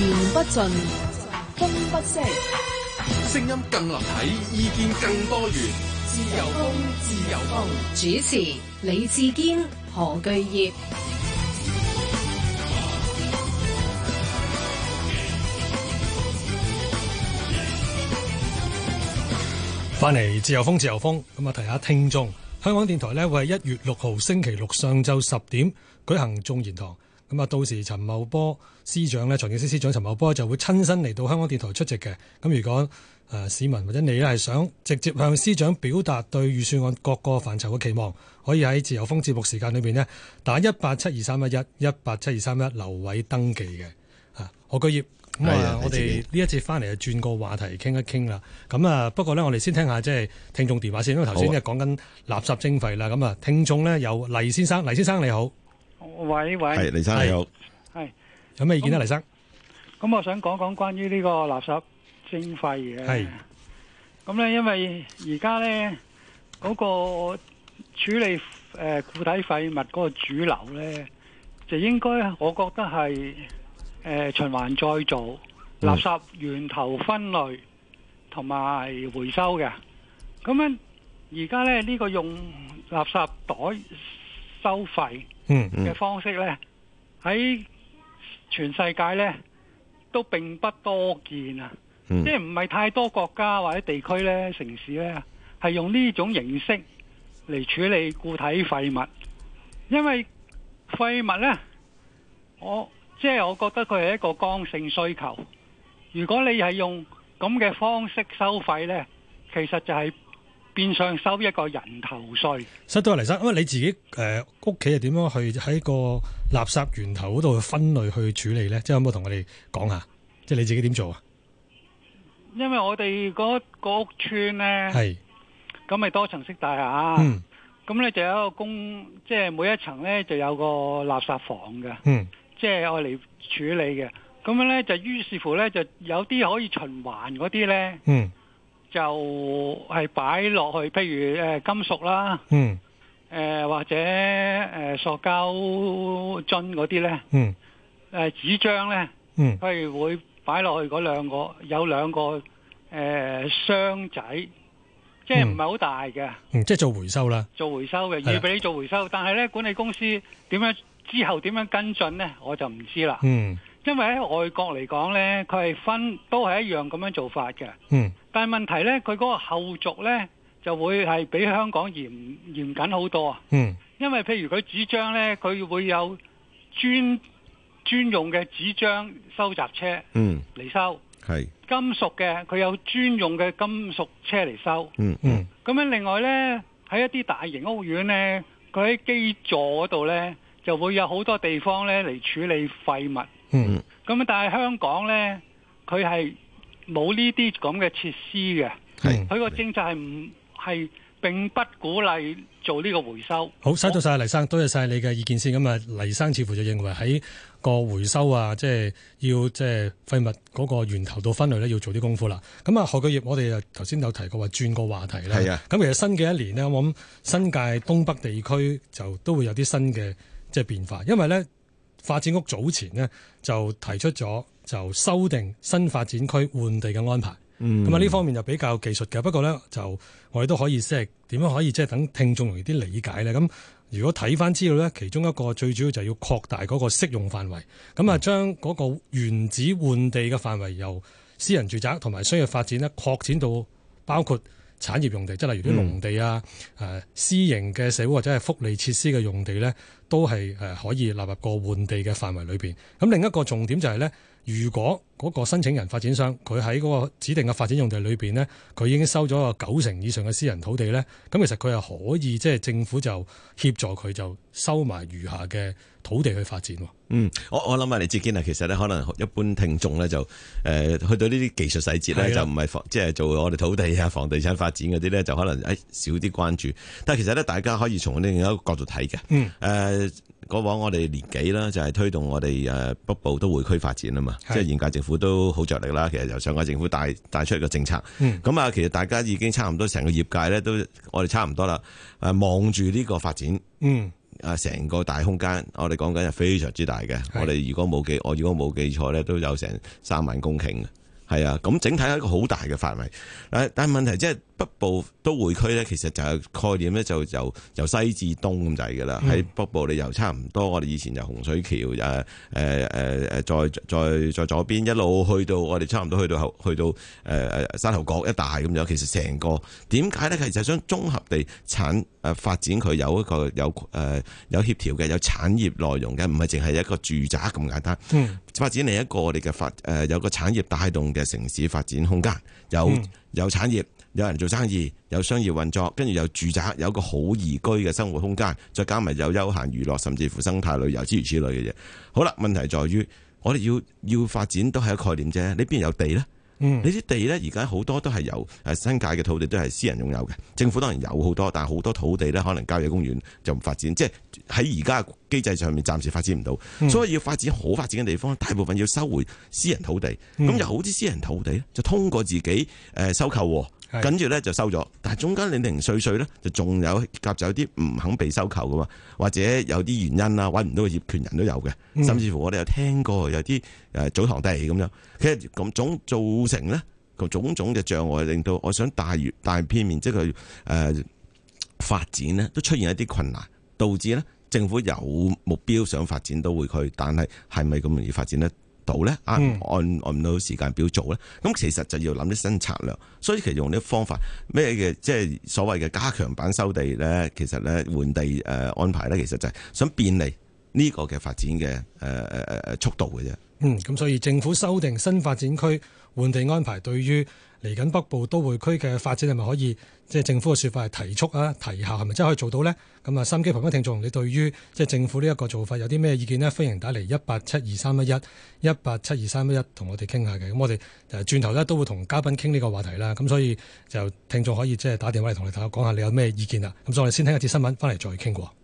言不盡，風不息，聲音更立體，意見更多元。自由風，自由風。主持李志堅、何巨業。翻嚟自由風，自由風。咁啊，提下聽眾。香港電台呢會喺一月六號星期六上晝十點舉行眾言堂。咁啊，到時陳茂波司長呢，財政司司長陳茂波就會親身嚟到香港電台出席嘅。咁如果誒市民或者你呢，係想直接向司長表達對預算案各個範疇嘅期望，可以喺自由風節目時間裏面呢打一八七二三一一一八七二三一留位登記嘅嚇。何居業，咁啊的，嗯、我哋呢一節翻嚟轉轉個話題傾一傾啦。咁啊，不過呢，我哋先聽下即係聽眾電話先，因為頭先咧講緊垃圾徵費啦。咁啊，聽眾呢，有黎先生，黎先生你好。喂喂，係黎生，你好是，係是有咩意見啊？李那生，咁我想講講關於呢個垃圾徵費嘅。係咁咧，因為而家咧嗰個處理誒固體廢物嗰個主流咧，就應該我覺得係誒、呃、循環再造、垃圾源頭分類同埋回收嘅。咁樣而家咧呢、這個用垃圾袋收費。嗯嘅、嗯、方式呢，喺全世界呢都並不多見啊，嗯、即係唔係太多國家或者地區呢城市呢，係用呢種形式嚟處理固體廢物，因為廢物呢，我即係我覺得佢係一個剛性需求。如果你係用咁嘅方式收費呢，其實就係、是。變相收一個人頭稅。收到嚟生，咁啊你自己誒屋企係點樣去喺個垃圾源頭嗰度分類去處理咧？即係有冇同我哋講下？即係你自己點做啊？因為我哋嗰個屋邨咧，係咁咪多層式大廈，咁咧、嗯、就有一個公，即係每一層咧就有個垃圾房嘅，即係愛嚟處理嘅。咁樣咧就於是乎咧就有啲可以循環嗰啲咧。嗯就係擺落去，譬如誒金屬啦，嗯，誒或者誒塑膠樽嗰啲咧，嗯，誒紙張咧，嗯，譬如會擺落去嗰兩個，有兩個誒箱仔，即係唔係好大嘅，嗯，即係做回收啦，做回收嘅，要俾你做回收，但係咧，管理公司點樣之後點樣跟進咧，我就唔知啦。嗯因為喺外國嚟講呢佢係分都係一樣咁樣做法嘅。嗯。但係問題呢，佢嗰個後續呢就會係比香港嚴嚴謹好多啊。嗯。因為譬如佢紙張呢，佢會有專專用嘅紙張收集車。嗯。嚟收。係。金屬嘅佢有專用嘅金屬車嚟收。嗯嗯。咁樣另外呢，喺一啲大型屋苑呢，佢喺基座嗰度呢，就會有好多地方呢嚟處理廢物。嗯，咁但係香港咧，佢係冇呢啲咁嘅設施嘅，係佢個政策係唔係，並不鼓勵做呢個回收。好，多謝晒黎生，我多謝晒你嘅意見先。咁啊，黎生似乎就認為喺個回收啊，即係要即係廢物嗰個源頭度分類咧，要做啲功夫啦。咁啊，學具業我哋就頭先有提過話轉個話題啦。係是啊，咁其實新嘅一年呢，我諗新界東北地區就都會有啲新嘅即係變化，因為咧。發展屋早前呢，就提出咗就修訂新發展區換地嘅安排，嗯，咁啊呢方面就比較技術嘅。不過呢，就我哋都可以即係點樣可以即係等聽眾容易啲理解呢？咁如果睇翻資料呢，其中一個最主要就要擴大嗰個適用範圍，咁啊將嗰個原址換地嘅範圍由私人住宅同埋商業發展呢擴展到包括產業用地，即係例如啲農地啊、嗯、私營嘅社會或者係福利設施嘅用地呢，都係可以納入個換地嘅範圍裏面。咁另一個重點就係、是、呢，如果嗰個申請人發展商佢喺嗰個指定嘅發展用地裏面呢，佢已經收咗個九成以上嘅私人土地呢，咁其實佢係可以即係、就是、政府就協助佢就收埋餘下嘅。土地去發展，嗯，我我諗下劍青啊，其實咧，可能一般聽眾咧就誒、呃、去到呢啲技術細節咧的，就唔係房，即係做我哋土地啊、房地產發展嗰啲咧，就可能誒少啲關注。但係其實咧，大家可以從另一個角度睇嘅，嗯，誒、呃，過往我哋年紀啦，就係推動我哋誒北部都會區發展啊嘛，的即係現屆政府都好着力啦。其實由上屆政府帶帶出嚟嘅政策，嗯，咁啊，其實大家已經差唔多成個業界咧都我哋差唔多啦，誒，望住呢個發展，嗯。啊！成個大空間，我哋講緊係非常之大嘅。係啊。我哋如果冇記，我如果冇記錯咧，都有成三萬公頃嘅，係啊。咁整體係一個好大嘅範圍。誒，但係問題即係。北部都會區咧，其實就係概念咧，就由由西至東咁就係噶啦。喺北部，你由差唔多我哋以前由洪水橋誒誒誒誒，再再再，再左邊一路去到我哋差唔多去到後去到誒誒沙頭角一帶咁樣。其實成個點解咧？其實係想綜合地產誒發展，佢有一個有誒有協調嘅，有產業內容嘅，唔係淨係一個住宅咁簡單。嗯，發展另一個我哋嘅發誒有個產業帶動嘅城市發展空間，有有產業。有人做生意，有商業運作，跟住有住宅，有個好宜居嘅生活空間，再加埋有休閒娛樂，甚至乎生態旅遊諸如此類嘅嘢。好啦，問題在於我哋要要發展都係一個概念啫。呢邊有地啦，呢啲、嗯、地呢，而家好多都係由新界嘅土地都係私人擁有嘅。政府當然有好多，但好多土地呢，可能郊野公園就唔發展，即係喺而家機制上面暫時發展唔到，所以要發展好發展嘅地方，大部分要收回私人土地。咁又、嗯、好似私人土地呢就通過自己誒收購。跟住咧就收咗，但係中間零零碎碎咧，就仲有夾住有啲唔肯被收購嘛，或者有啲原因啊，搵唔到個業權人都有嘅，嗯、甚至乎我哋有聽過有啲誒祖堂地咁樣，其實咁總造成咧個種種嘅障礙，令到我想大越大片面積即係誒、呃、發展咧都出現一啲困難，導致咧政府有目標想發展都會去，但係係咪咁容易發展咧？到咧啊，按按唔到時間表做咧，咁其實就要諗啲新策略，所以其實用啲方法咩嘅，即係所謂嘅加強版收地咧，其實咧換地誒、呃、安排咧，其實就係想便利呢個嘅發展嘅誒誒誒誒速度嘅啫。嗯，咁所以政府修訂新發展區換地安排，對於嚟緊北部都會區嘅發展係咪可以，即係政府嘅説法係提速啊、提效係咪真係可以做到呢？咁啊，心機旁分聽眾，你對於即係政府呢一個做法有啲咩意見呢？歡迎打嚟一八七二三一一一八七二三一一同我哋傾下嘅。咁我哋誒轉頭咧都會同嘉賓傾呢個話題啦。咁所以就聽眾可以即係打電話嚟同你哋大家講下你有咩意見啦。咁所以我哋先聽一節新聞，翻嚟再傾過。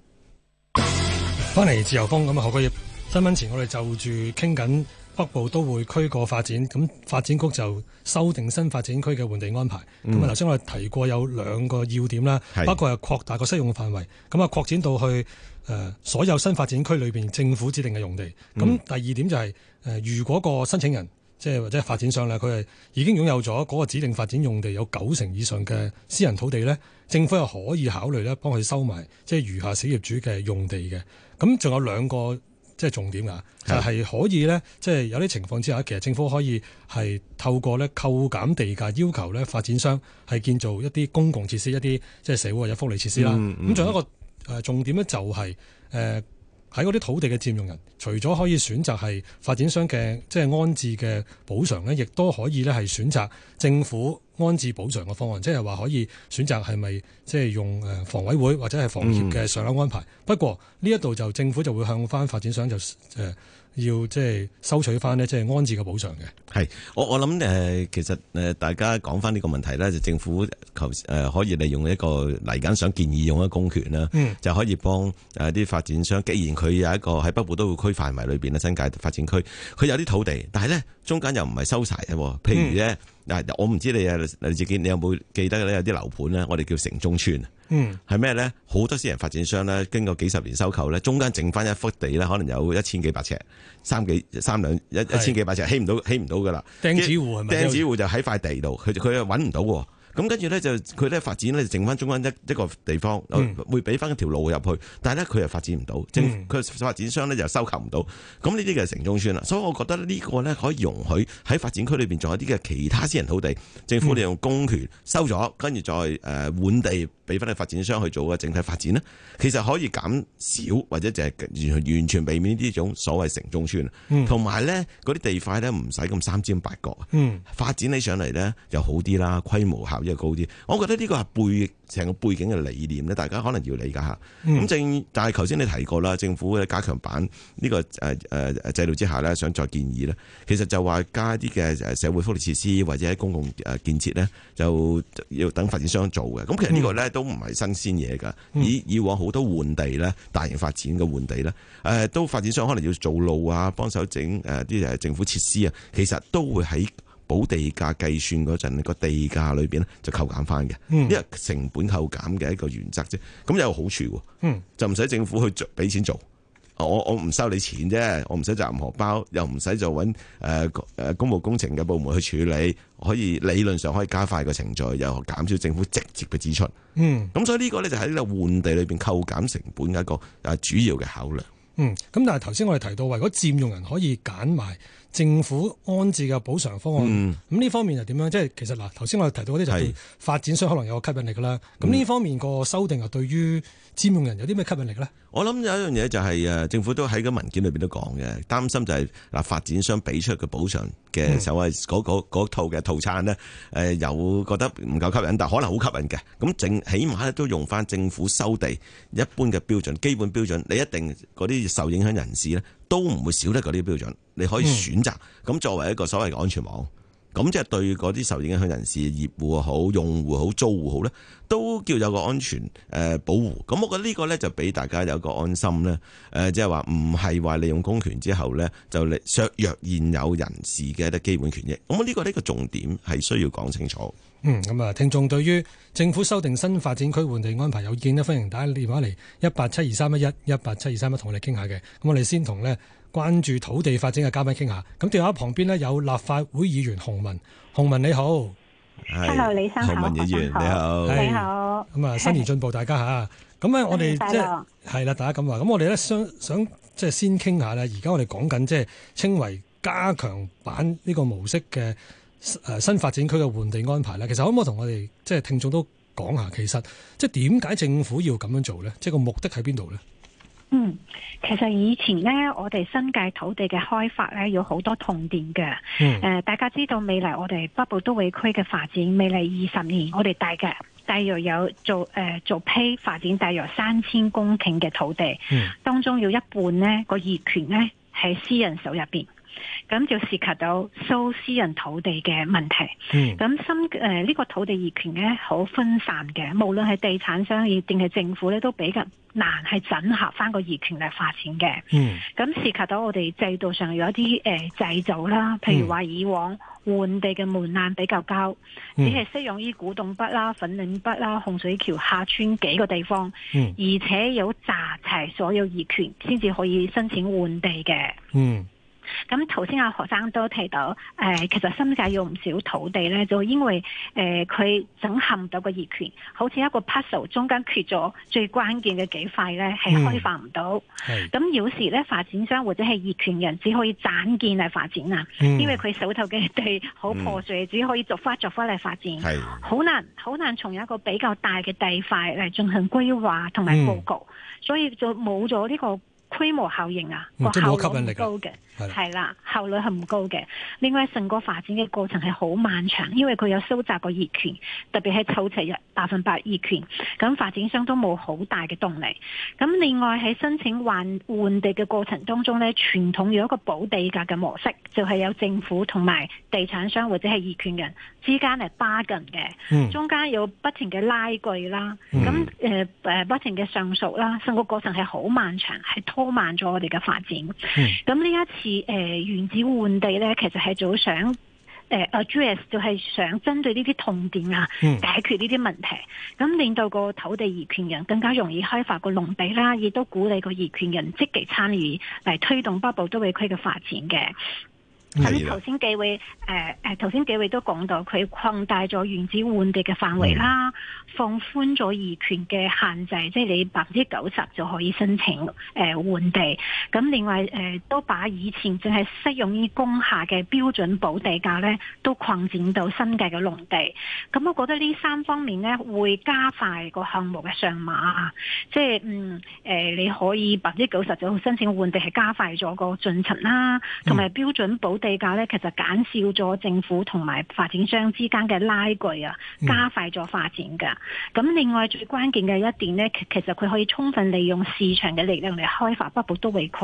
翻嚟自由風咁啊，好嘅。新聞前我哋就住傾緊。北部都會區過發展，咁發展局就修訂新發展區嘅換地安排。咁啊、嗯，頭先我哋提過有兩個要點啦，是包括係擴大個適用範圍，咁啊擴展到去所有新發展區裏面政府指定嘅用地。咁、嗯、第二點就係、是、如果個申請人即係或者發展商啦，佢係已經擁有咗嗰個指定發展用地有九成以上嘅私人土地咧，政府又可以考慮咧幫佢收埋，即、就、係、是、餘下小業主嘅用地嘅。咁仲有兩個。即係重點㗎，就係、是、可以咧，即、就、係、是、有啲情況之下，其實政府可以係透過咧扣減地價，要求咧發展商係建造一啲公共設施、一啲即係社會或者福利設施啦。咁仲、嗯嗯、有一個誒重點咧、就是，就係誒。喺嗰啲土地嘅佔用人，除咗可以選擇係發展商嘅即係安置嘅補償咧，亦都可以咧係選擇政府安置補償嘅方案，即係話可以選擇，係咪即係用誒房委會或者係房協嘅上樓安排。嗯、不過呢一度就政府就會向翻發展商就誒。呃要即係收取翻呢，即係安置嘅補償嘅。係我我諗誒，其實誒大家講翻呢個問題咧，就政府求誒、呃、可以利用一個嚟緊想建議用一公權啦，嗯，就可以幫誒啲發展商，既然佢有一個喺北部都會區範圍裏邊咧，新界發展區，佢有啲土地，但係咧。中間又唔係收齊嘅，譬如咧，嗱、嗯、我唔知你啊你自己，你有冇記得咧？有啲樓盤咧，我哋叫城中村，嗯呢，係咩咧？好多私人發展商咧，經過幾十年收購咧，中間剩翻一幅地咧，可能有一千幾百尺，三幾三兩一一千幾百尺，起唔到起唔到噶啦，釘子戶係咪？釘子戶就喺塊地度，佢佢又揾唔到喎。咁跟住咧就佢咧發展咧剩翻中間一一個地方，嗯、會俾翻條路入去。但係咧佢又發展唔到，政佢、嗯、發展商咧就收購唔到。咁呢啲就係城中村啦。所以我覺得呢個咧可以容許喺發展區裏邊仲有啲嘅其他私人土地，政府利用公權收咗，跟住再誒換地。俾翻去發展商去做嘅整體發展咧，其實可以減少或者就係完全避免呢種所謂城中村，同埋咧嗰啲地塊咧唔使咁三尖八角，嗯、發展起上嚟咧就好啲啦，規模效益又高啲。我覺得呢個係背。成個背景嘅理念咧，大家可能要理解下。咁正，但係頭先你提過啦，政府嘅加強版呢個誒誒誒制度之下咧，想再建議咧，其實就話加一啲嘅誒社會福利設施或者喺公共誒建設咧，就要等發展商做嘅。咁其實呢個咧都唔係新鮮嘢㗎。以以往好多換地咧，大型發展嘅換地咧，誒都發展商可能要做路啊，幫手整誒啲誒政府設施啊，其實都會喺，補地價計算嗰陣，個地價裏邊咧就扣減翻嘅，嗯、因為成本扣減嘅一個原則啫。咁有個好處，嗯、就唔使政府去畀俾錢做，我我唔收你錢啫，我唔使就荷包，又唔使就揾誒誒，公務工程嘅部門去處理，可以理論上可以加快個程序，又減少政府直接嘅支出。咁、嗯、所以呢個咧就喺呢個換地裏邊扣減成本嘅一個誒主要嘅考量。嗯，咁但係頭先我哋提到話，如果佔用人可以揀埋，政府安置嘅補償方案，咁呢、嗯、方面又點樣？即係其實嗱，頭先我哋提到嗰啲就係發展商可能有吸引力嘅啦。咁呢是方面個修訂又對於佔用人有啲咩吸引力咧？嗯、我諗有一樣嘢就係誒，政府都喺個文件裏邊都講嘅，擔心就係嗱，發展商俾出嘅補償嘅所謂嗰套嘅套餐呢，誒有覺得唔夠吸引，但可能好吸引嘅。咁正起碼都用翻政府收地一般嘅標準，基本標準，你一定嗰啲受影響人士呢，都唔會少得嗰啲標準。你可以選擇咁作為一個所謂嘅安全網，咁即係對嗰啲受影響人士、業戶好、用戶好、租戶好呢都叫有個安全誒保護。咁我覺得呢個呢，就俾大家有個安心呢，誒即係話唔係話利用公權之後呢，就嚟削弱現有人士嘅一啲基本權益。咁呢個呢個重點係需要講清楚。嗯，咁啊，聽眾對於政府修訂新發展區換地安排有意見咧，歡迎打電話嚟一八七二三一一一八七二三一同我哋傾下嘅。咁我哋先同咧關注土地發展嘅嘉賓傾下。咁電話旁邊呢有立法會議員洪雯，洪雯你好，Hello 李生，洪雯議員你好，你好，咁啊新年進步大家咁咧 我哋即係啦， 大家咁話。咁我哋咧想想即係先傾下啦。而家我哋講緊即係稱為加強版呢個模式嘅。誒新發展區嘅換地安排咧，其實可唔可以同我哋即係聽眾都講下，其實即係點解政府要咁樣做咧？即係個目的喺邊度咧？嗯，其實以前咧，我哋新界土地嘅開發咧，有好多痛點嘅。嗯。誒、呃，大家知道未來我哋北部都會區嘅發展，未來二十年我哋大嘅大約有做誒、呃、做批發展大約三千公頃嘅土地，嗯，當中有一半咧個業權咧喺私人手入邊。咁就涉及到收私人土地嘅問題。咁深誒，呢個土地業權咧，好分散嘅，無論係地產商亦定係政府咧，都比較難係整合翻個業權嚟發展嘅。咁、嗯、涉及到我哋制度上有一啲誒製造啦，譬如話以往換地嘅門檻比較高，嗯、只係適用於古洞北啦、粉嶺北啦、洪水橋廈村幾個地方，嗯、而且有集齊所有業權先至可以申請換地嘅。嗯咁頭先阿何生都提到，誒、呃，其實新界有唔少土地咧，就因為誒佢、呃、整合唔到個業權，好似一個 puzzle 中間缺咗最關鍵嘅幾塊咧，係開發唔到。咁、嗯、有時咧，發展商或者係業權人只可以斬件嚟發展啊，嗯、因為佢手頭嘅地好破碎，嗯、只可以逐塊逐塊嚟發展，好是難好難從一個比較大嘅地塊嚟進行規劃同埋布局，嗯、所以就冇咗呢個規模效應啊，個、嗯、效果唔高嘅。係啦，效率係唔高嘅。另外，成個發展嘅過程係好漫長，因為佢有收集個業權，特別係湊齊一百分百業權，咁發展商都冇好大嘅動力。咁另外喺申請換換地嘅過程當中呢，傳統有一個保地價嘅模式，就係、是、有政府同埋地產商或者係業權人之間嚟，巴緊嘅，嗯、中間有不停嘅拉鋸啦，咁誒誒不停嘅上訴啦，成個過程係好漫長，係拖慢咗我哋嘅發展。咁呢、嗯、一次。誒，原址換地咧，其實係早想誒、呃、address 就係想針對呢啲痛點啊，解決呢啲問題，咁令到個土地業權人更加容易開發個農地啦，亦都鼓勵個業權人積極參與嚟推動北部都會區嘅發展嘅。咁頭先幾位誒誒頭先幾位都講到，佢擴大咗原址換地嘅範圍啦，放寬咗業權嘅限制，即係你百分之九十就可以申請誒換地。咁另外誒都把以前淨係適用於工廈嘅標準補地價咧，都擴展到新界嘅農地。咁我覺得呢三方面咧會加快個項目嘅上馬啊！即係嗯誒，你可以百分之九十就申請換地，係加快咗個進程啦，同埋標準補地，地價咧，其實減少咗政府同埋發展商之間嘅拉鋸啊，加快咗發展噶。咁另外最關鍵嘅一點咧，其實佢可以充分利用市場嘅力量嚟開發北部都會區，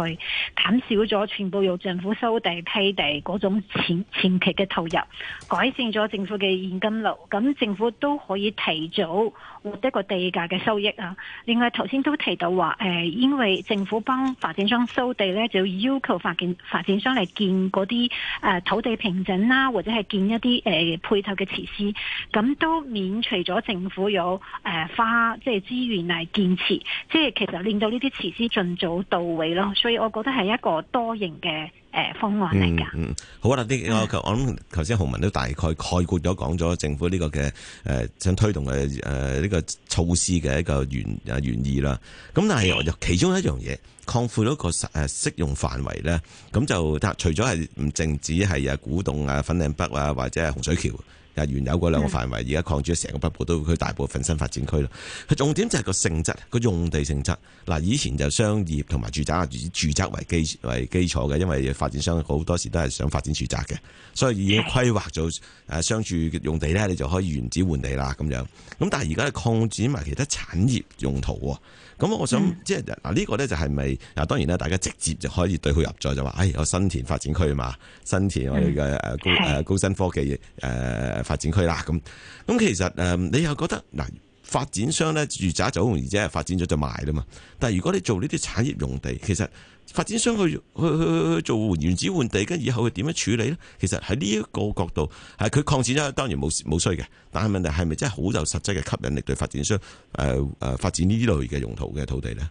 減少咗全部由政府收地批地嗰種前前期嘅投入，改善咗政府嘅現金流。咁政府都可以提早獲得個地價嘅收益啊。另外頭先都提到話，誒，因為政府幫發展商收地咧，就要要求發展發展商嚟建嗰啲。誒、啊，土地平整啦，或者係建一啲誒、呃、配套嘅設施，咁都免除咗政府有誒、呃、花即係資源嚟建設，即係其實令到呢啲設施盡早到位咯，所以我覺得係一個多型嘅。誒，方案嚟噶。嗯，好啊！啲我我諗頭先洪雯都大概概括咗講咗政府呢個嘅誒，想推動嘅誒呢個措施嘅一個原啊原意啦。咁但係其中一樣嘢，擴闊咗個實誒適用範圍咧。咁就除咗係唔淨止係啊古洞啊粉嶺北啊，或者係洪水橋。啊！原有嗰兩個範圍，而家擴展成個北部都會區大部分新發展區啦。佢重點就係個性質，個用地性質。嗱，以前就商業同埋住宅以住宅為基為基礎嘅，因為發展商好多時都係想發展住宅嘅，所以已經規劃咗誒商住用地咧，你就可以原址換地啦咁樣。咁但係而家係擴展埋其他產業用途。咁我想、嗯、即係嗱呢個咧就係咪嗱，當然咧大家直接就可以對佢入咗，就話，誒、哎、個新田發展區嘛，新田我哋嘅高、嗯、高新科技誒、呃、發展區啦咁。咁其實你又覺得嗱，發展商咧住宅就好容易即係發展咗就賣啦嘛，但係如果你做呢啲產業用地其實。發展商去去去去做換原址換地，跟以後佢點樣處理咧？其實喺呢一個角度，係佢擴展咗，當然冇冇衰嘅。但係問題係咪真係好有實質嘅吸引力對發展商誒誒、呃、發展呢類嘅用途嘅土地咧？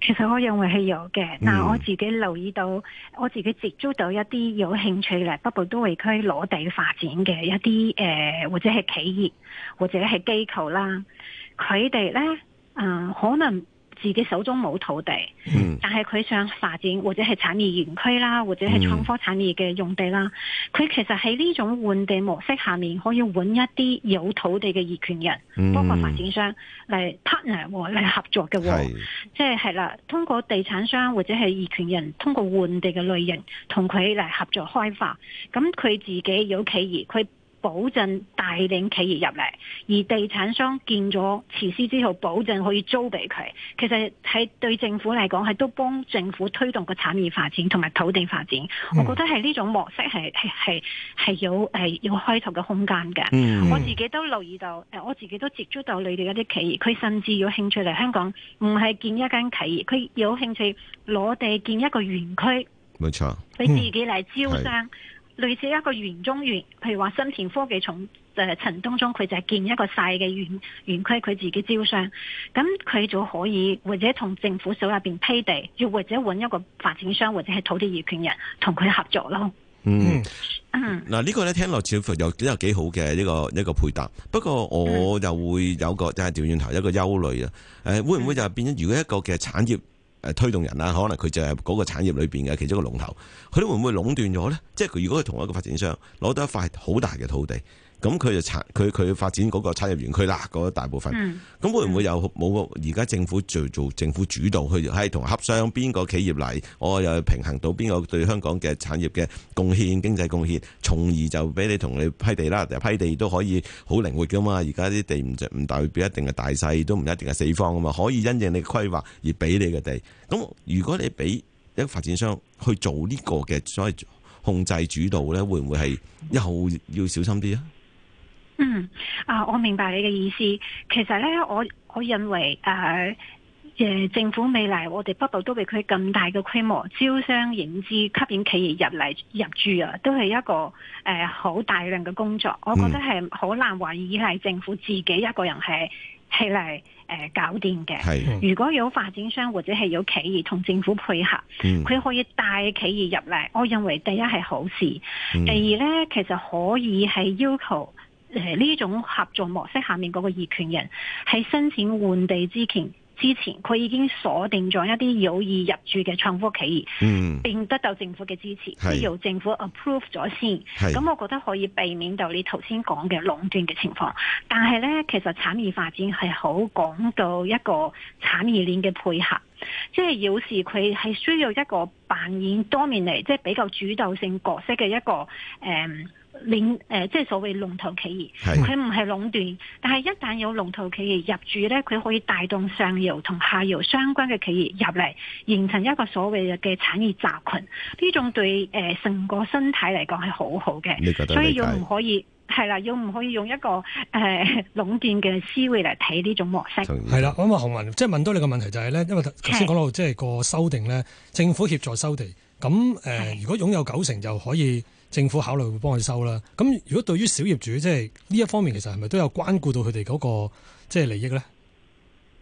其實我認為係有嘅。嗱，我自己留意到，我自己接觸到一啲有興趣嚟北部都會區攞地發展嘅一啲誒、呃，或者係企業或者係機構啦，佢哋咧誒可能。自己手中冇土地，但係佢想發展或者係產業園區啦，或者係創科產業嘅用地啦，佢、嗯、其實喺呢種換地模式下面，可以搵一啲有土地嘅業權人，嗯、包括發展商嚟 partner 嚟合作嘅，即係係啦，通過地產商或者係業權人，通過換地嘅類型，同佢嚟合作開發，咁佢自己有企業，佢。保證帶領企業入嚟，而地產商建咗設施之後，保證可以租俾佢。其實係對政府嚟講，係都幫政府推動個產業發展同埋土地發展。嗯、我覺得係呢種模式係係係係有誒要開拓嘅空間嘅。嗯、我自己都留意到，誒我自己都接觸到你哋嗰啲企業，佢甚至有興趣嚟香港，唔係建一間企業，佢有興趣攞地建一個園區，冇錯，你自己嚟招商。嗯類似一個園中園，譬如話新田科技城當中，佢就係建一個細嘅園園區，佢自己招商，咁佢就可以或者同政府手入邊批地，又或者揾一個發展商或者係土地業權人同佢合作咯。嗯，嗱呢、嗯嗯、個咧聽落似乎又都有幾好嘅一個一個配搭，不過我又會有個即係調轉頭一個憂慮啊！誒、嗯，會唔會就變咗如果一個嘅產業？嗯嗯推動人啊，可能佢就係嗰個產業裏邊嘅其中一個龍頭，佢會唔會壟斷咗呢？即係佢如果係同一個發展商攞到一塊好大嘅土地。咁佢就產佢佢發展嗰個產業園區啦，嗰大部分。咁會唔會又冇？而家政府做做政府主導，去係同洽商邊個企業嚟？我又平衡到邊個對香港嘅產業嘅貢獻、經濟貢獻，從而就俾你同你批地啦。批地都可以好靈活噶嘛。而家啲地唔就唔代表一定係大細，都唔一定係四方㗎嘛。可以因應你規劃而俾你嘅地。咁如果你俾一個發展商去做呢個嘅所謂控制主導呢，會唔會係又要小心啲啊？嗯，啊，我明白你嘅意思。其實呢，我我認為誒，誒、呃，政府未來我哋北部都俾佢咁大嘅規模招商引資，吸引企業入嚟入駐啊，都係一個誒好、呃、大量嘅工作。我覺得係好難話以係政府自己一個人係係嚟誒搞掂嘅。的如果有發展商或者係有企業同政府配合，佢、嗯、可以帶企業入嚟。我認為第一係好事，第二呢，其實可以係要求。誒，呢種合作模式下面，嗰個業權人喺申請換地之前，之前佢已經鎖定咗一啲有意入住嘅創科企業，嗯，並得到政府嘅支持，需、嗯、要政府 approve 咗先。咁是我覺得可以避免到你頭先講嘅壟斷嘅情況。但係呢，其實產業發展係好講到一個產業鏈嘅配合，即係有時佢係需要一個扮演多面嚟，即係比較主導性角色嘅一個誒。嗯領誒，即係所謂龍頭企業，佢唔係壟斷，但係一旦有龍頭企業入駐咧，佢可以帶動上游同下游相關嘅企業入嚟，形成一個所謂嘅產業集群。呢種對誒成個生態嚟講係好好嘅。你覺得？所以要唔可以係啦解？要唔可以用一個誒壟斷嘅思維嚟睇呢種模式？係啦意。咁啊，洪雯，即係問到你個問題就係、是、咧，因為頭先講到的即係個修訂咧，政府協助收地咁誒，那呃、的如果擁有九成，就可以。政府考慮會幫佢收啦。咁如果對於小業主，即係呢一方面，其實係咪都有關顧到佢哋嗰個即係利益呢？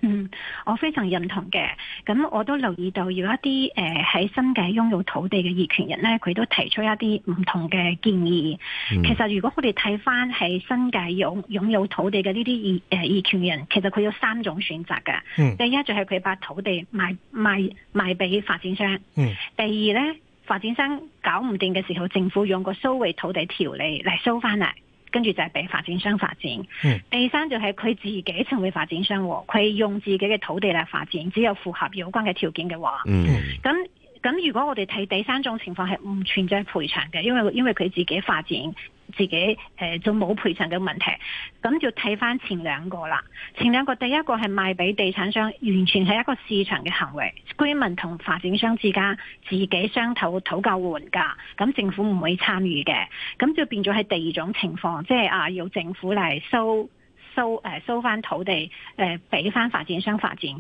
嗯，我非常認同嘅。咁我都留意到有一啲誒喺新界擁有土地嘅業權人呢，佢都提出一啲唔同嘅建議。嗯、其實如果我哋睇翻喺新界擁擁有土地嘅呢啲業誒業權人，其實佢有三種選擇嘅。嗯、第一就係佢把土地賣賣賣俾發展商。嗯、第二呢。發展商搞唔掂嘅時候，政府用個收回土地條例嚟收翻嚟，跟住就係俾發展商發展。嗯、第三就係佢自己成為發展商，佢用自己嘅土地嚟發展，只有符合有關嘅條件嘅話，咁咁、嗯、如果我哋睇第三種情況係唔存在賠償嘅，因為因為佢自己發展。自己誒就冇賠償嘅問題，咁就睇翻前兩個啦。前兩個第一個係賣俾地產商，完全係一個市場嘅行為，居民同發展商之間自己商討討價還價，咁政府唔會參與嘅，咁就變咗係第二種情況，即係啊，要政府嚟收。收誒收翻土地誒，俾、呃、翻發展商發展。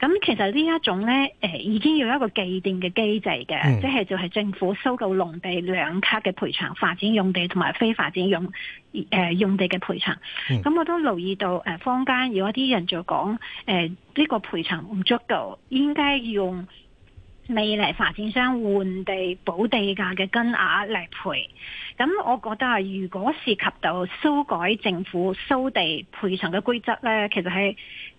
咁其實呢一種咧誒、呃，已經要一個既定嘅機制嘅，嗯、即係就係政府收購農地兩級嘅賠償，發展用地同埋非發展用誒、呃、用地嘅賠償。咁、嗯、我都留意到誒，坊間有一啲人就講誒，呢、呃這個賠償唔足夠，應該用未來發展商換地補地價嘅金額嚟賠。咁我覺得啊，如果涉及到修改政府收地賠償嘅規則咧，其實係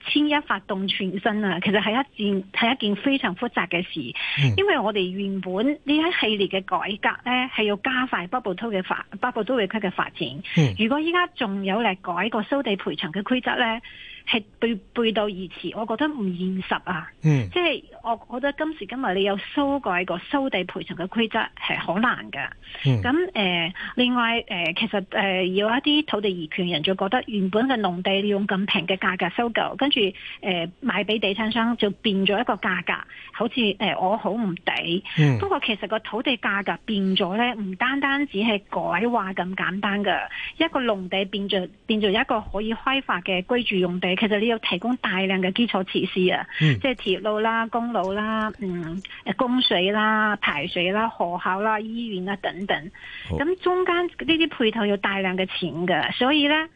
牽一髮動全身啊，其實係一件係一件非常複雜嘅事。嗯、因為我哋原本呢一系列嘅改革咧，係要加快北部、嗯、都會發北部都會區嘅發展。嗯、如果依家仲有嚟改個收地賠償嘅規則咧，係背背道而馳，我覺得唔現實啊。嗯，即係我覺得今時今日你有修改個收地賠償嘅規則係好難㗎。咁、嗯另外，誒、呃，其實誒、呃，有一啲土地業權人就覺得，原本嘅農地用咁平嘅價格收購，跟住誒賣俾地產商，就變咗一個價格，好似誒、呃、我好唔抵。不過、嗯、其實個土地價格變咗咧，唔單單只係改劃咁簡單噶。一個農地變做變做一個可以開發嘅居住用地，其實你要提供大量嘅基礎設施啊，嗯、即係鐵路啦、公路啦、嗯誒供水啦、排水啦、學校啦、醫院啦等等，咁。中間呢啲配套要大量嘅錢嘅，所以咧誒呢、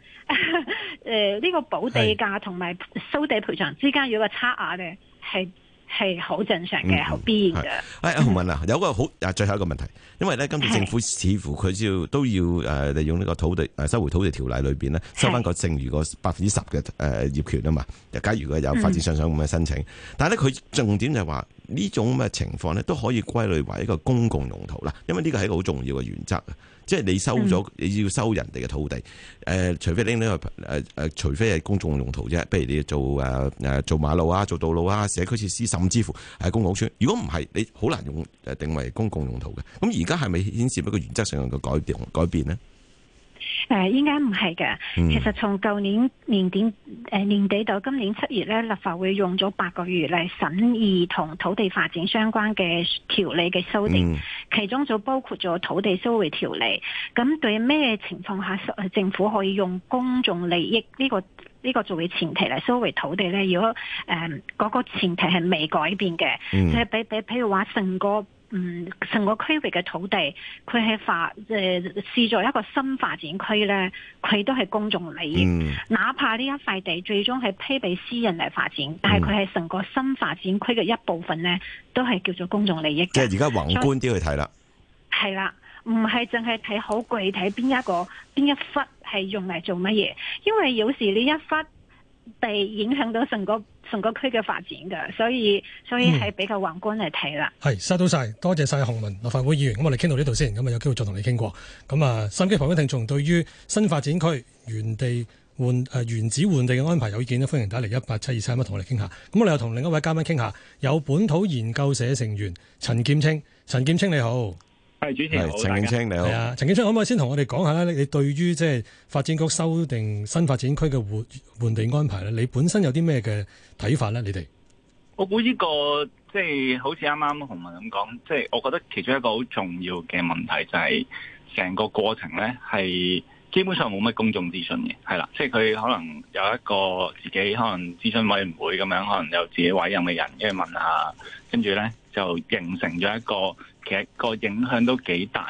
呃這個補地價同埋收地賠償之間有個差額咧，係係好正常嘅，係、嗯、必然嘅。誒，洪雯啊，有個好誒、啊，最後一個問題，因為咧今次政府似乎佢要都要誒利、呃、用呢個土地誒收回土地條例裏邊咧是收翻個剩餘個百分之十嘅誒業權啊嘛。就假如果有發展上上咁嘅申請，嗯、但係咧佢重點就係話呢種咩情況咧都可以歸類為一個公共用途啦，因為呢個係一個好重要嘅原則。即係你收咗，你要收人哋嘅土地。除非拎呢個除非係公共用途啫。譬如你要做做馬路啊，做道路啊，社區設施，甚至乎係公共村。如果唔係，你好難用定為公共用途嘅。咁而家係咪顯示一個原則上嘅改變改變咧？誒應該唔係嘅，其實從舊年年年底、呃、年底到今年七月咧，立法會用咗八個月嚟審議同土地發展相關嘅條例嘅修訂，嗯、其中就包括咗土地收回條例。咁對咩情況下，政府可以用公眾利益呢、這個呢、這個作為前提嚟收回土地咧？如果誒嗰、呃那個前提係未改變嘅，即係、嗯、比比譬如話成個。嗯，成個區域嘅土地，佢係發誒，視、呃、作一個新發展區咧，佢都係公眾利益。嗯、哪怕呢一塊地最終係批俾私人嚟發展，但係佢係成個新發展區嘅一部分咧，都係叫做公眾利益。即係而家宏觀啲去睇啦，係啦，唔係淨係睇好具體邊一個邊一忽係用嚟做乜嘢，因為有時呢一忽地影響到成個。從各區嘅發展噶，所以所以係比較宏觀嚟睇啦。係、收到晒，多謝晒洪雯立法會議員。咁我哋傾到呢度先，咁啊有機會再同你傾過。咁啊，手機旁聽聽眾對於新發展區原地換誒、啊、原址換地嘅安排有意見咧，歡迎打嚟一八七二三一同我哋傾下。咁我哋又同另一位嘉賓傾下，有本土研究社成員陳劍青，陳劍青你好。係主持人，陳劍青，你好。係啊，陳劍青可唔可以先同我哋講下咧？你對於即係發展局修訂新發展區嘅換換地安排咧，你本身有啲咩嘅睇法咧？你哋我估呢、這個即係、就是、好似啱啱洪雯咁講，即、就、係、是、我覺得其中一個好重要嘅問題就係成個過程咧係基本上冇乜公眾諮詢嘅，係啦，即係佢可能有一個自己可能諮詢委員會咁樣，可能有自己委任嘅人因去問下，跟住咧就形成咗一個。嘅個影響都幾大，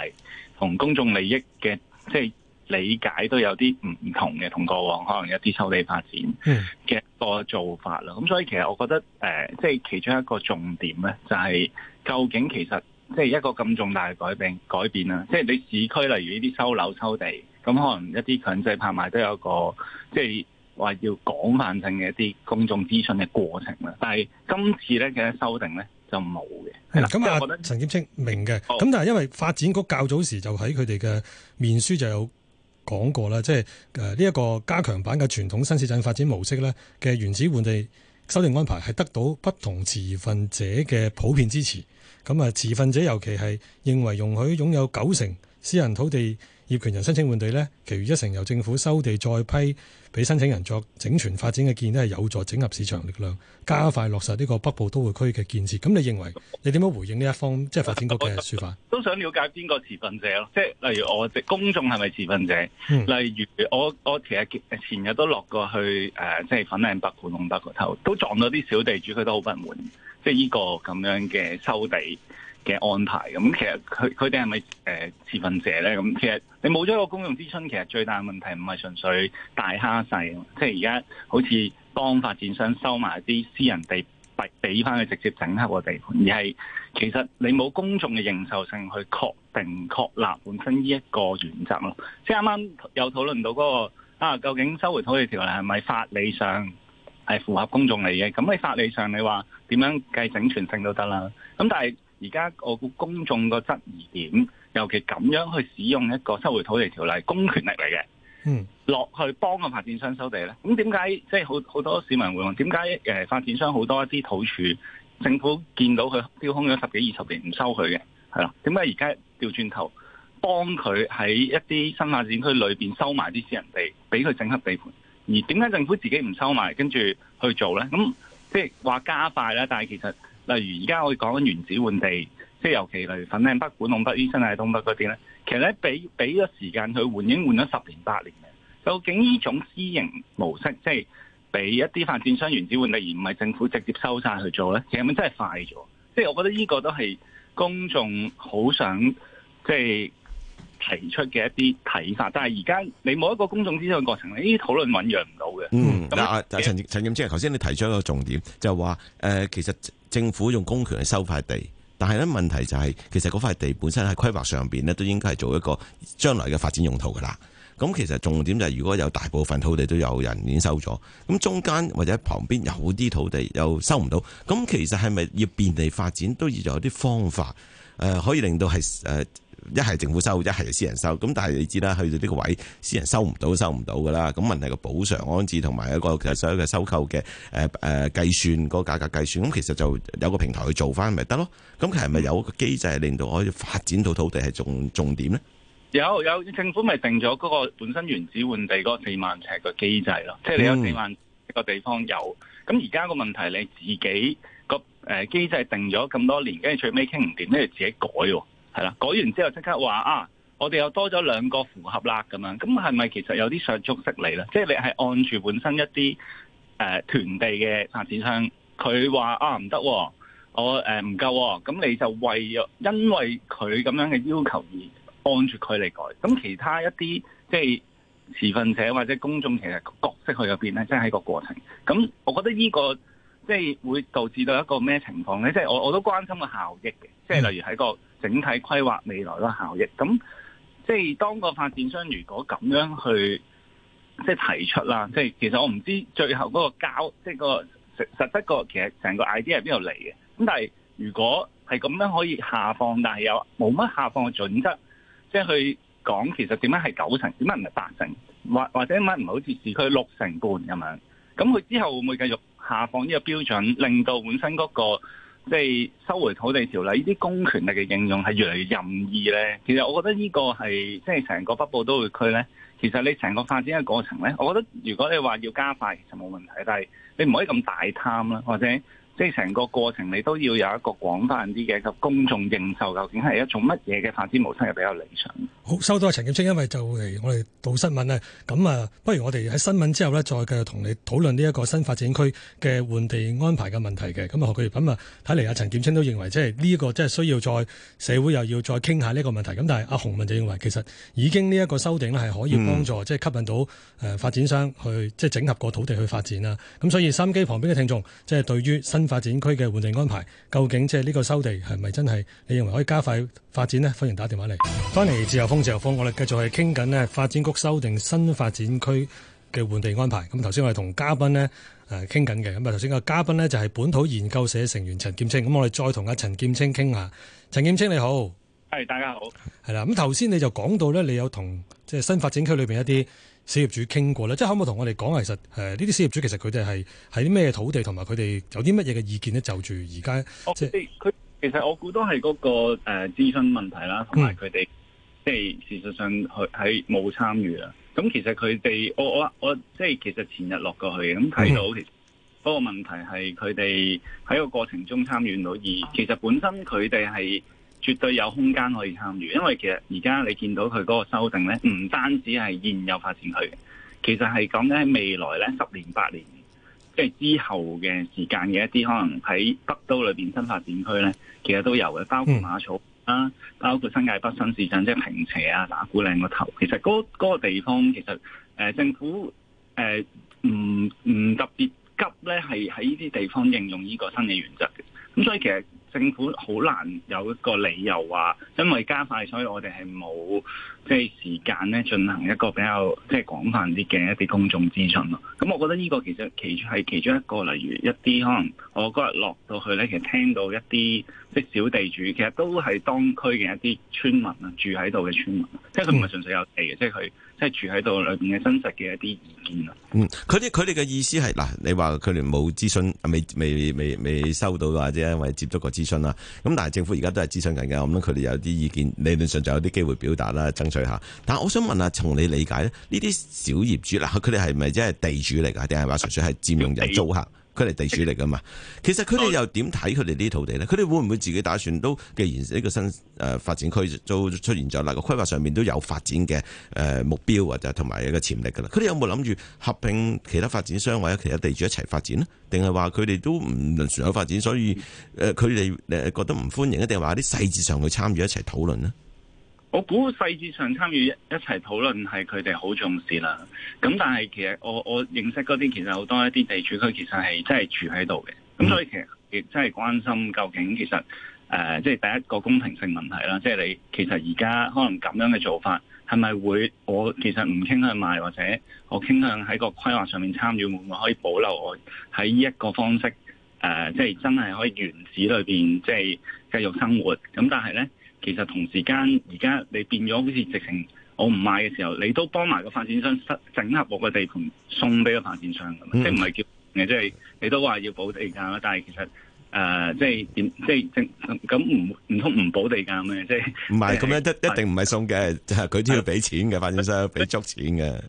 同公眾利益嘅即係理解都有啲唔同嘅，同過往可能有啲收地發展嘅個做法啦。咁、嗯、所以其實我覺得誒，即、呃、係、就是、其中一個重點咧，就係、是、究竟其實即係、就是、一個咁重大嘅改變改變啦。即、就、係、是、你市區例如呢啲收樓收地，咁可能一啲強制拍賣都有一個即係話要廣泛性嘅一啲公眾諮詢嘅過程啦。但係今次咧嘅修訂咧。就冇嘅。係啦，咁啊、嗯，嗯、陳劍青明嘅。咁、哦、但係因為發展局較早時就喺佢哋嘅面書就有講過啦，即係呢一個加強版嘅傳統新市鎮發展模式咧嘅原始換地修訂安排係得到不同持份者嘅普遍支持。咁啊，持份者尤其係認為容許擁有九成私人土地業權人申請換地咧，其餘一成由政府收地再批俾申請人作整全發展嘅建議，都係有助整合市場力量，加快落實呢個北部都會區嘅建設。咁你認為你點樣回應呢一方即係、就是、發展局嘅説法？都想了解邊個持份者咯，即係例如我哋公眾係咪持份者？例如我我其實前日都落過去誒、呃，即係粉嶺北、半龍北嗰頭，都撞到啲小地主，佢都好不滿，即係呢個咁樣嘅收地。嘅安排咁，其實佢佢哋係咪誒自憤者咧？咁其實你冇咗個公眾諮詢，其實最大嘅問題唔係純粹大蝦細，即係而家好似幫發展商收埋啲私人地，俾返翻佢直接整合個地盤，而係其實你冇公眾嘅認受性去確定確立本身呢一個原則咯。即係啱啱又討論到嗰，那個啊，究竟收回土地條例係咪法理上係符合公眾利益？咁你法理上你話點樣計整全性都得啦。咁但係。而家我估公眾個質疑點，尤其咁樣去使用一個收回土地條例，公權力嚟嘅，嗯，落去幫個發展商收地咧。咁點解即係好好多市民會問，點解誒發展商好多一啲土處政府見到佢丟空咗十幾二十年唔收佢嘅，係啦。點解而家調轉頭幫佢喺一啲新發展區裏邊收埋啲私人地，俾佢整合地盤？而點解政府自己唔收埋，跟住去做咧？咁即係話加快咧，但係其實。例如而家我哋講緊原址換地，即係尤其嚟粉嶺北管、東北醫生街、東北嗰啲咧，其實咧俾俾咗時間佢換，已經換咗十年八年嘅。究竟呢種私營模式，即係俾一啲發展商原址換地，而唔係政府直接收晒去做咧，其實真係快咗？即係我覺得呢個都係公眾好想即係提出嘅一啲睇法。但係而家你冇一個公眾諮詢過程咧，呢啲討論醞釀唔到嘅。嗯，嗱樣陳實陳劍青，頭先你提出一個重點，就話、是、誒、呃、其實。政府用公權去收塊地，但係咧問題就係，其實嗰塊地本身喺規劃上面咧，都應該係做一個將來嘅發展用途㗎啦。咁其實重點就係，如果有大部分土地都有人已經收咗，咁中間或者旁邊有啲土地又收唔到，咁其實係咪要便利發展都要有啲方法，誒可以令到係誒？一係政府收，一係私人收。咁但係你知啦，去到呢個位，私人收唔到，收唔到噶啦。咁問題，個補償安置同埋一個其實所有嘅收購嘅誒誒計算個價格計算，咁其實就有個平台去做翻，咪得咯。咁其實咪有個機制係令到可以發展到土地係重重點咧。有有政府咪定咗嗰個本身原址換地嗰個四萬尺嘅機制咯，即係你有四萬個地方有。咁而家個問題，你自己個誒機制定咗咁多年，跟住最尾傾唔掂，你哋自己改。係啦，改完之後即刻話啊，我哋又多咗兩個符合啦咁樣，咁係咪其實有啲削足適履咧？即係你係按住本身一啲誒、呃、團地嘅發展商，佢話啊唔得、哦，我誒唔、呃、夠、哦，咁你就為因為佢咁樣嘅要求而按住佢嚟改。咁其他一啲即係持份者或者公眾其實角色去入邊咧，即係喺個過程。咁我覺得呢、呢個。即係會導致到一個咩情況咧？即係我我都關心個效益嘅，即係例如喺個整體規劃未來嗰個效益。咁即係當個發展商如果咁樣去即係提出啦，即係其實我唔知最後嗰個交即係個實實質個其實成個 idea 喺邊度嚟嘅。咁但係如果係咁樣可以下放，但係又冇乜下放嘅準則，即係去講其實點解係九成，點解唔係八成，或或者乜唔係好似市區六成半咁樣。咁佢之後會唔會繼續？下放呢個標準，令到本身嗰個即係收回土地條例，呢啲公權力嘅應用係越嚟越任意咧。其實我覺得呢個係即係成個北部都會區咧，其實你成個發展嘅過程咧，我覺得如果你話要加快，其實冇問題，但係你唔可以咁大貪啦，或者。即係成個過程，你都要有一個廣泛啲嘅個公眾認受，究竟係一種乜嘢嘅發展模式係比較理想？好，收到阿陳劍青，因為就嚟我哋讀新聞呢。咁啊，不如我哋喺新聞之後咧，再繼續同你討論呢一個新發展區嘅換地安排嘅問題嘅。咁啊，學佢咁啊，睇嚟阿陳劍青都認為，即係呢個即係、就是、需要再社會又要再傾下呢個問題。咁但係阿洪雯就認為，其實已經呢一個修訂咧，係可以幫助、嗯、即係吸引到誒發展商去即係整合個土地去發展啦。咁所以收音機旁邊嘅聽眾，即、就、係、是、對於新發展區嘅換地安排，究竟即係呢個收地係咪真係？你認為可以加快發展呢？歡迎打電話嚟。翻嚟自由風，自由風，我哋繼續係傾緊呢發展局修訂新發展區嘅換地安排。咁頭先我哋同嘉賓呢誒傾緊嘅。咁啊頭先個嘉賓呢就係、是、本土研究社成員陳劍青。咁我哋再同阿陳劍青傾下。陳劍青，你好，係、hey, 大家好。係啦，咁頭先你就講到呢，你有同即係新發展區裏邊一啲。事業主傾過咧，即係可唔可以同我哋講，其實呢啲事業主其實佢哋係喺啲咩土地，同埋佢哋有啲乜嘢嘅意見咧？就住而家，即係佢其實我估都係嗰個、那個誒、呃、諮詢問題啦，同埋佢哋即係事實上佢係冇參與啦。咁其實佢哋我我我即係其實前日落過去，咁睇到其實嗰個問題係佢哋喺個過程中參與到，而其實本身佢哋係。絕對有空間可以參與，因為其實而家你見到佢嗰個修正咧，唔單止係現有發展區的，其實係講緊未來咧十年八年，即係、就是、之後嘅時間嘅一啲可能喺北都裏面新發展區咧，其實都有嘅，包括馬草啊，包括新界北新市鎮，即係平斜啊、打鼓嶺個頭，其實嗰、那個那個地方其實、呃、政府誒唔唔特別急咧，係喺呢啲地方應用呢個新嘅原則嘅，咁所以其實。政府好難有一個理由話，因為加快，所以我哋係冇即係時間咧進行一個比較即係廣泛啲嘅一啲公眾諮詢咯。咁我覺得呢個其實係其中一個，例如一啲可能我嗰日落到去咧，其實聽到一啲即係小地主，其實都係當區嘅一啲村民啊，住喺度嘅村民，即係佢唔係純粹有地，嘅、嗯，即係佢即係住喺度裏邊嘅真實嘅一啲意見啊。嗯，佢啲佢哋嘅意思係嗱，你話佢哋冇諮詢，未未未未收到或者因為接觸過。啦，咁但係政府而家都係諮詢緊嘅，我諗佢哋有啲意見，理論上就有啲機會表達啦，爭取下。但係我想問下，從你理解咧，呢啲小業主啦，佢哋係咪真係地主嚟㗎，定係話純粹係佔用人租客？佢哋地主嚟噶嘛？其實佢哋又點睇佢哋呢土地呢？佢哋會唔會自己打算都嘅？而呢個新誒發展區都出現咗，嗱、個規劃上面都有發展嘅誒目標或者同埋一個潛力噶啦。佢哋有冇諗住合併其他發展商或者其他地主一齊發展咧？定係話佢哋都唔存有發展，所以誒佢哋誒覺得唔歡迎，定係話啲細節上去參與一齊討論呢？我估細節上參與一齊討論係佢哋好重視啦。咁但係其實我我認識嗰啲其實好多一啲地主區其實係真係住喺度嘅。咁所以其實亦真係關心究竟其實誒、呃、即係第一個公平性問題啦。即係你其實而家可能咁樣嘅做法係咪會我其實唔傾向賣或者我傾向喺個規劃上面參與，會唔會我可以保留我喺呢一個方式誒、呃，即係真係可以原址裏邊即係繼續生活。咁但係咧。其實同時間而家你變咗好似直情我唔賣嘅時候，你都幫埋個發展商整合我個地盤送俾個發展商噶，即係唔係叫，你，即係你都話要補地價啦。但係其實誒，即係點？即係正咁唔唔通唔補地價咩？即係唔係咁樣？一一定唔係送嘅，佢都要俾錢嘅發展商，俾足錢嘅。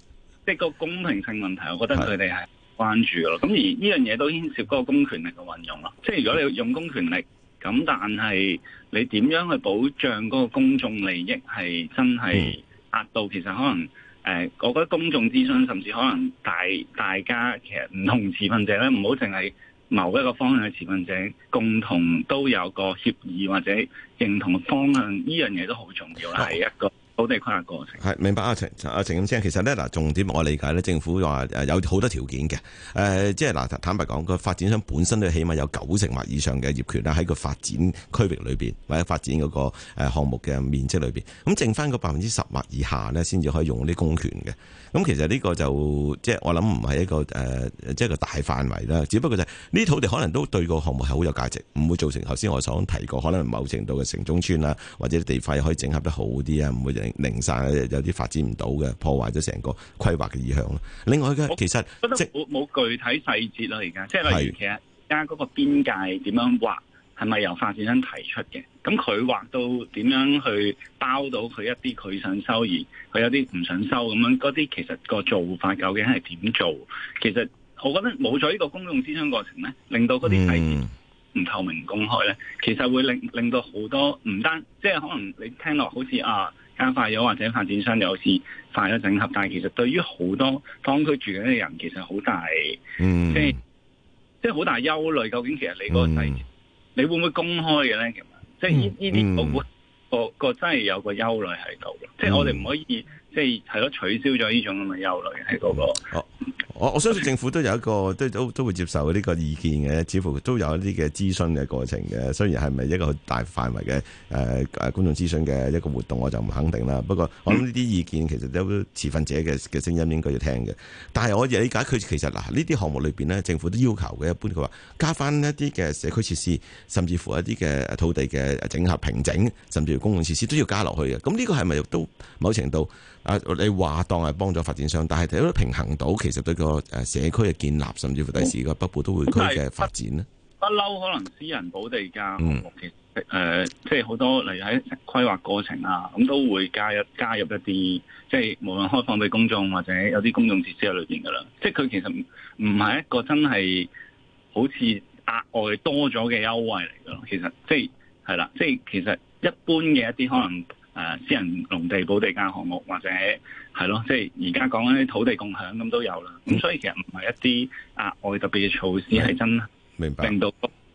即係個公平性問題，我覺得佢哋係關注咯。咁是的 而呢樣嘢都牽涉嗰個公權力嘅運用咯。即係如果你用公權力咁，但係。你點樣去保障嗰個公眾利益係真係壓到？其實可能誒、呃，我覺得公眾諮詢甚至可能大大家其實唔同持份者咧，唔好淨係某一個方向嘅持份者，共同都有個協議或者認同嘅方向，呢樣嘢都好重要啦，係一個土地開發過程係，明白。阿陳阿陳先生，其實咧，嗱，重點我理解咧，政府話誒有好多條件嘅。誒，即係嗱，坦白講，個發展商本身都起碼有九成或以上嘅業權啦，喺個發展區域裏邊或者發展嗰個誒項目嘅面積裏邊，咁剩翻個百分之十或以下呢，先至可以用啲公權嘅。咁其實呢個就即係我諗唔係一個誒，即係個大範圍啦，只不過就係呢土地可能都對個項目係好有價值，唔會造成頭先我所提過，可能某程度嘅城中村啦，或者地塊可以整合得好啲啊，唔會零散有啲發展唔到嘅，破壞咗成個規劃嘅意向咯。另外嘅其實即冇具體細節啦，而家即係例如其實而家嗰個邊界點樣劃，係咪由發展商提出嘅？咁佢劃到點樣去包到佢一啲佢想收而佢有啲唔想收咁樣嗰啲，其實個做法究竟係點做？其實我覺得冇咗呢個公共諮詢過程咧，令到嗰啲係唔透明公開咧，嗯、其實會令令到好多唔單即係可能你聽落好似啊～加快咗或者發展商有事快咗整合，但其實對於好多當區住緊嘅人，其實好大，嗯、即係即係好大憂慮。究竟其實你嗰個細節、嗯、你會唔會公開嘅咧？其實、嗯、即係呢呢啲個、嗯嗰個、嗰個真係有個憂慮喺度、嗯、即係我哋唔可以即係係咯取消咗呢種咁嘅憂慮喺嗰、嗯嗰個。啊我我相信政府都有一個都都都會接受呢個意見嘅，似乎都有一啲嘅諮詢嘅過程嘅。雖然係咪一個好大範圍嘅誒誒公眾諮詢嘅一個活動，我就唔肯定啦。不過我諗呢啲意見其實都有持份者嘅嘅聲音應該要聽嘅。但係我理解佢其實嗱呢啲項目裏邊呢，政府都要求嘅。一般佢話加翻一啲嘅社區設施，甚至乎一啲嘅土地嘅整合平整，甚至乎公共設施都要加落去嘅。咁呢個係咪亦都某程度？啊！你話當係幫咗發展商，但係睇到平衡到，其實對個誒社區嘅建立，甚至乎第時個北部都會區嘅發展咧，嗯，不嬲可能私人補地價，其實誒即係好多例如喺規劃過程啊，咁都會加入加入一啲即係無論開放畀公眾或者有啲公眾設施喺裏邊噶啦，即係佢其實唔唔係一個真係好似額外多咗嘅優惠嚟噶。其實即係係啦，即係其實一般嘅一啲可能。誒，私人農地補地價項目或者係咯，即係而家講緊啲土地共享咁都有啦。咁、嗯、所以其實唔係一啲額外特別嘅措施係真的明白。明白令到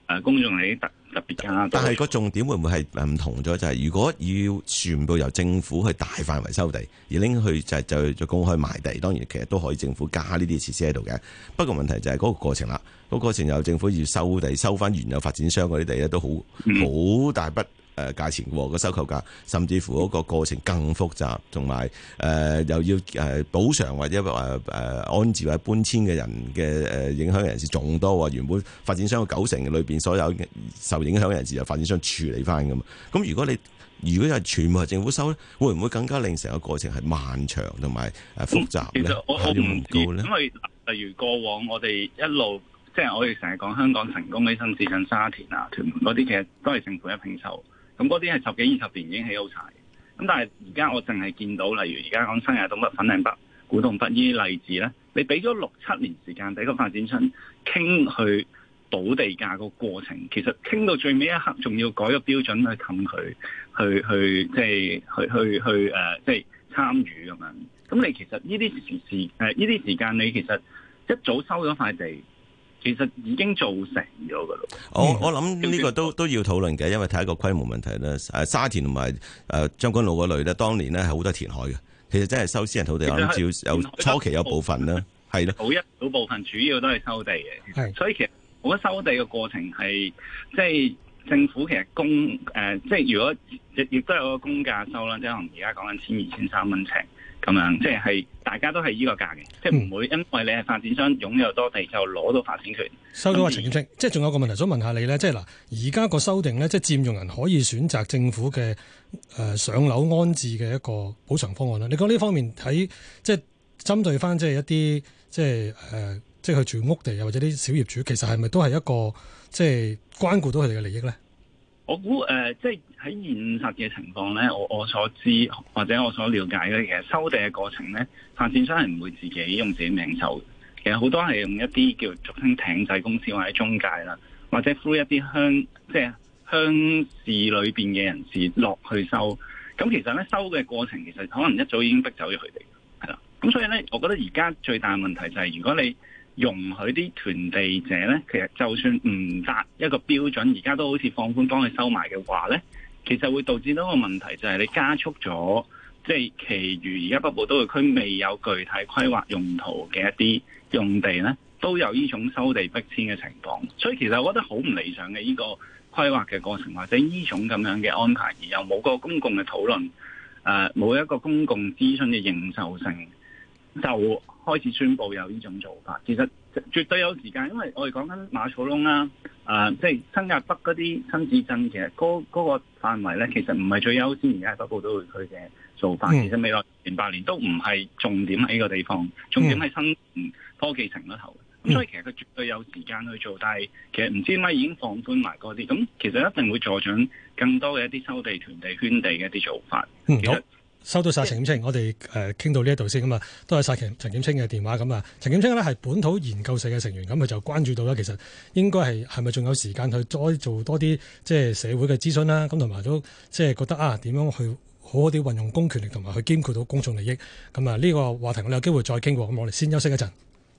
誒公眾起特特別大。但係個重點會唔會係唔同咗？就係、是、如果要全部由政府去大範圍收地而拎去就就公開賣地，當然其實都可以政府加呢啲設施喺度嘅。不過問題就係嗰個過程啦，個過程由政府要收地收翻原有發展商嗰啲地咧，都好好、嗯、大筆。誒價錢喎、個收購價，甚至乎嗰個過程更複雜，同埋誒又要誒、呃、補償或者誒誒、呃呃、安置或者搬遷嘅人嘅誒、呃、影響人士仲多喎。原本發展商嘅九成裏邊所有受影響人士就發展商處理翻㗎嘛。咁如果你如果係全部係政府收咧，會唔會更加令成個過程係漫長同埋誒複雜？嗯，其實我好唔知，因為例如過往我哋一路即係我哋成日講香港成功起身，接近沙田啊、屯門嗰啲，其實都係政府一拼籌。咁嗰啲係十幾二十年已經起好晒嘅，咁但係而家我淨係見到，例如而家講新界東北粉嶺北、古洞北呢啲例子咧，你俾咗六七年時間，俾個發展商傾去倒地價個過程，其實傾到最尾一刻，仲要改個標準去冚佢，去去即係去去去即係、uh, 參與咁樣。咁你其實呢啲時呢啲、uh, 時間你其實一早收咗塊地。其實已經做成咗噶啦。嗯、我我諗呢個都、嗯、都要討論嘅，因為睇一個規模問題咧。誒，沙田同埋誒將軍澳嗰類咧，當年咧係好多填海嘅。其實真係收私人土地，按照有初期有部分啦，係咯份。好一的部分主要都係收地嘅，的所以其實我覺得收地嘅過程係即係政府其實工誒、呃，即係如果亦亦都有個工價收啦，即係可能而家講緊千二千三蚊尺。咁樣即係大家都係依個價嘅，即係唔會因為你係發展商擁、嗯、有多地就攞到發展權。收到阿陳劍青即係仲有個問題想問下你呢。即係嗱，而家個修訂呢，即係佔用人可以選擇政府嘅誒、呃、上樓安置嘅一個補償方案啦。你講呢方面喺即係針對翻即係一啲即係誒，即係佢、呃、住屋地或者啲小業主，其實係咪都係一個即係關顧到佢哋嘅利益呢？我估誒、呃，即係喺現實嘅情況咧，我我所知或者我所了解咧，其實收地嘅過程咧，發展商係唔會自己用自己名收，其實好多係用一啲叫俗稱艇仔公司或者中介啦，或者 through 一啲鄉即係鄉事裏面嘅人士落去收。咁其實咧收嘅過程其實可能一早已經逼走咗佢哋，係啦。咁所以咧，我覺得而家最大嘅問題就係如果你，容許啲囤地者呢，其實就算唔達一個標準，而家都好似放寬幫佢收埋嘅話呢，其實會導致到一個問題就係你加速咗，即係，其餘而家北部都會區未有具體規劃用途嘅一啲用地呢，都有呢種收地逼遷嘅情況，所以其實我覺得好唔理想嘅呢個規劃嘅過程，或者呢種咁樣嘅安排，而又冇個公共嘅討論，誒冇一個公共諮詢嘅認受性。就開始宣布有呢種做法，其實絕對有時間，因為我哋講緊馬草窿啦、啊，誒、呃，即係新界北嗰啲新市鎮，其實嗰嗰個範圍咧，其實唔係最優先而家北部都會區嘅做法，嗯、其實未來年八年都唔係重點喺呢個地方，重點喺新、嗯、科技城嗰頭。咁所以其實佢絕對有時間去做，但係其實唔知點解已經放寬埋嗰啲，咁其實一定會助長更多嘅一啲收地、囤地、圈地嘅一啲做法。嗯收到晒陳劍青，的我哋誒傾到呢一度先咁啊，都係晒陳陳劍青嘅電話咁啊。陳劍青呢係本土研究社嘅成員，咁佢就關注到啦。其實應該係係咪仲有時間去再做多啲即係社會嘅諮詢啦？咁同埋都即係覺得啊，點樣去好好啲運用公權力同埋去兼顧到公眾利益？咁啊呢個話題我哋有機會再傾過。咁我哋先休息一陣。